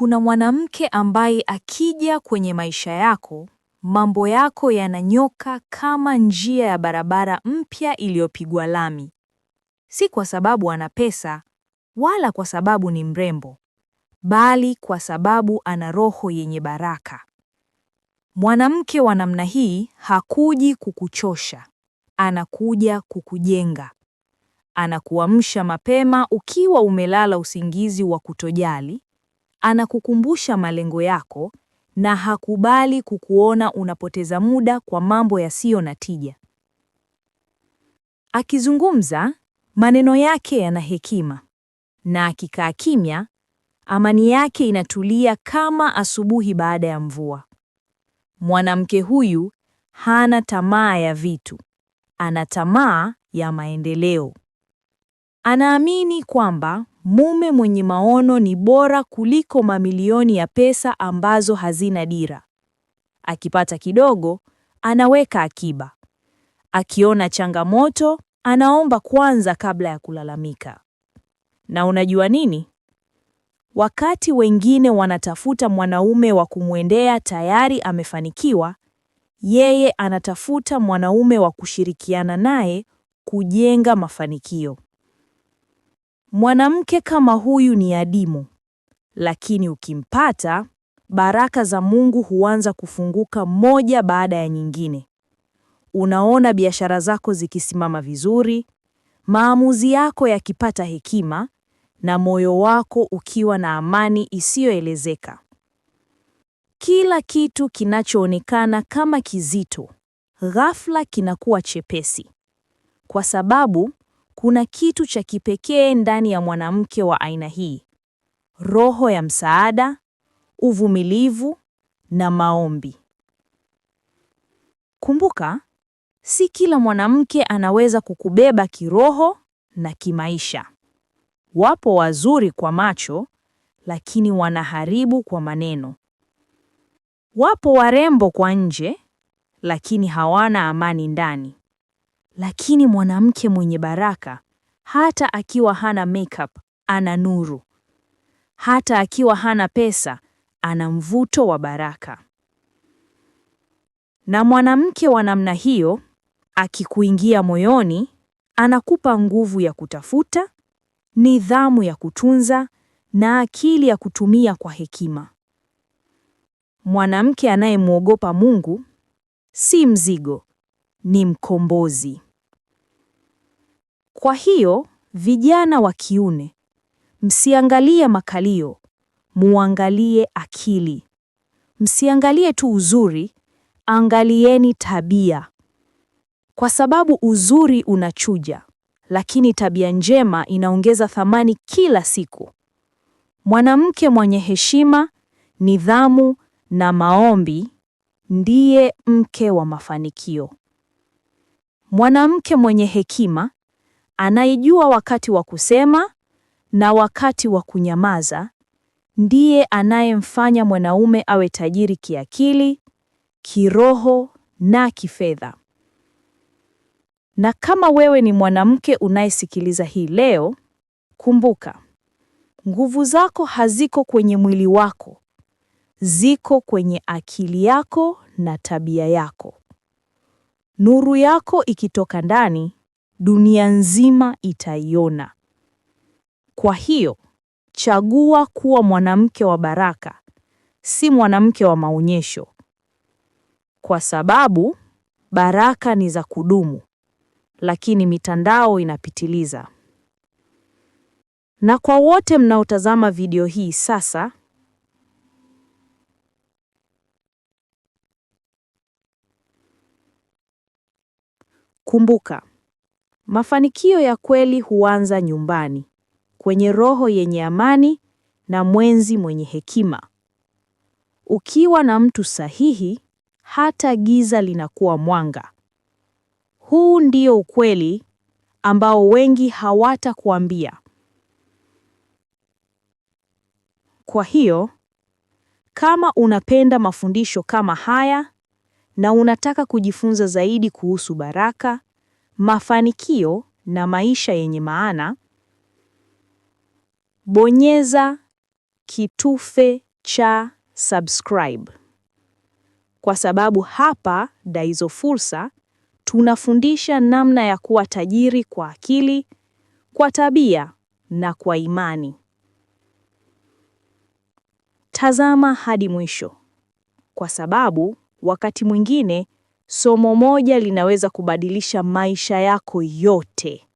kuna mwanamke ambaye akija kwenye maisha yako, mambo yako yananyoka kama njia ya barabara mpya iliyopigwa lami. Si kwa sababu ana pesa wala kwa sababu ni mrembo, bali kwa sababu ana roho yenye baraka. Mwanamke wa namna hii hakuji kukuchosha, anakuja kukujenga. Anakuamsha mapema ukiwa umelala usingizi wa kutojali, anakukumbusha malengo yako na hakubali kukuona unapoteza muda kwa mambo yasiyo na tija. Akizungumza, maneno yake yana hekima, na akikaa kimya, amani yake inatulia kama asubuhi baada ya mvua. Mwanamke huyu hana tamaa ya vitu, ana tamaa ya maendeleo. Anaamini kwamba Mume mwenye maono ni bora kuliko mamilioni ya pesa ambazo hazina dira. Akipata kidogo, anaweka akiba. Akiona changamoto, anaomba kwanza kabla ya kulalamika. Na unajua nini? Wakati wengine wanatafuta mwanaume wa kumwendea tayari amefanikiwa, yeye anatafuta mwanaume wa kushirikiana naye kujenga mafanikio. Mwanamke kama huyu ni adimu, lakini ukimpata, baraka za Mungu huanza kufunguka moja baada ya nyingine. Unaona biashara zako zikisimama vizuri, maamuzi yako yakipata hekima na moyo wako ukiwa na amani isiyoelezeka. Kila kitu kinachoonekana kama kizito, ghafla kinakuwa chepesi, kwa sababu kuna kitu cha kipekee ndani ya mwanamke wa aina hii: roho ya msaada, uvumilivu na maombi. Kumbuka, si kila mwanamke anaweza kukubeba kiroho na kimaisha. Wapo wazuri kwa macho, lakini wanaharibu kwa maneno. Wapo warembo kwa nje, lakini hawana amani ndani. Lakini mwanamke mwenye baraka, hata akiwa hana makeup, ana nuru. Hata akiwa hana pesa, ana mvuto wa baraka. Na mwanamke wa namna hiyo akikuingia moyoni, anakupa nguvu ya kutafuta, nidhamu ya kutunza na akili ya kutumia kwa hekima. Mwanamke anayemwogopa Mungu si mzigo, ni mkombozi. Kwa hiyo vijana wa kiune msiangalie makalio, muangalie akili. Msiangalie tu uzuri, angalieni tabia, kwa sababu uzuri unachuja, lakini tabia njema inaongeza thamani kila siku. Mwanamke mwenye heshima, nidhamu na maombi ndiye mke wa mafanikio. Mwanamke mwenye hekima Anayejua wakati wa kusema na wakati wa kunyamaza ndiye anayemfanya mwanaume awe tajiri kiakili, kiroho na kifedha. Na kama wewe ni mwanamke unayesikiliza hii leo, kumbuka, nguvu zako haziko kwenye mwili wako, ziko kwenye akili yako na tabia yako. Nuru yako ikitoka ndani, dunia nzima itaiona. Kwa hiyo, chagua kuwa mwanamke wa baraka, si mwanamke wa maonyesho. Kwa sababu baraka ni za kudumu, lakini mitandao inapitiliza. Na kwa wote mnaotazama video hii sasa kumbuka Mafanikio ya kweli huanza nyumbani, kwenye roho yenye amani na mwenzi mwenye hekima. Ukiwa na mtu sahihi, hata giza linakuwa mwanga. Huu ndio ukweli ambao wengi hawatakuambia. Kwa hiyo, kama unapenda mafundisho kama haya na unataka kujifunza zaidi kuhusu baraka mafanikio na maisha yenye maana, bonyeza kitufe cha subscribe, kwa sababu hapa Daizo Fursa tunafundisha namna ya kuwa tajiri kwa akili, kwa tabia na kwa imani. Tazama hadi mwisho, kwa sababu wakati mwingine Somo moja linaweza kubadilisha maisha yako yote.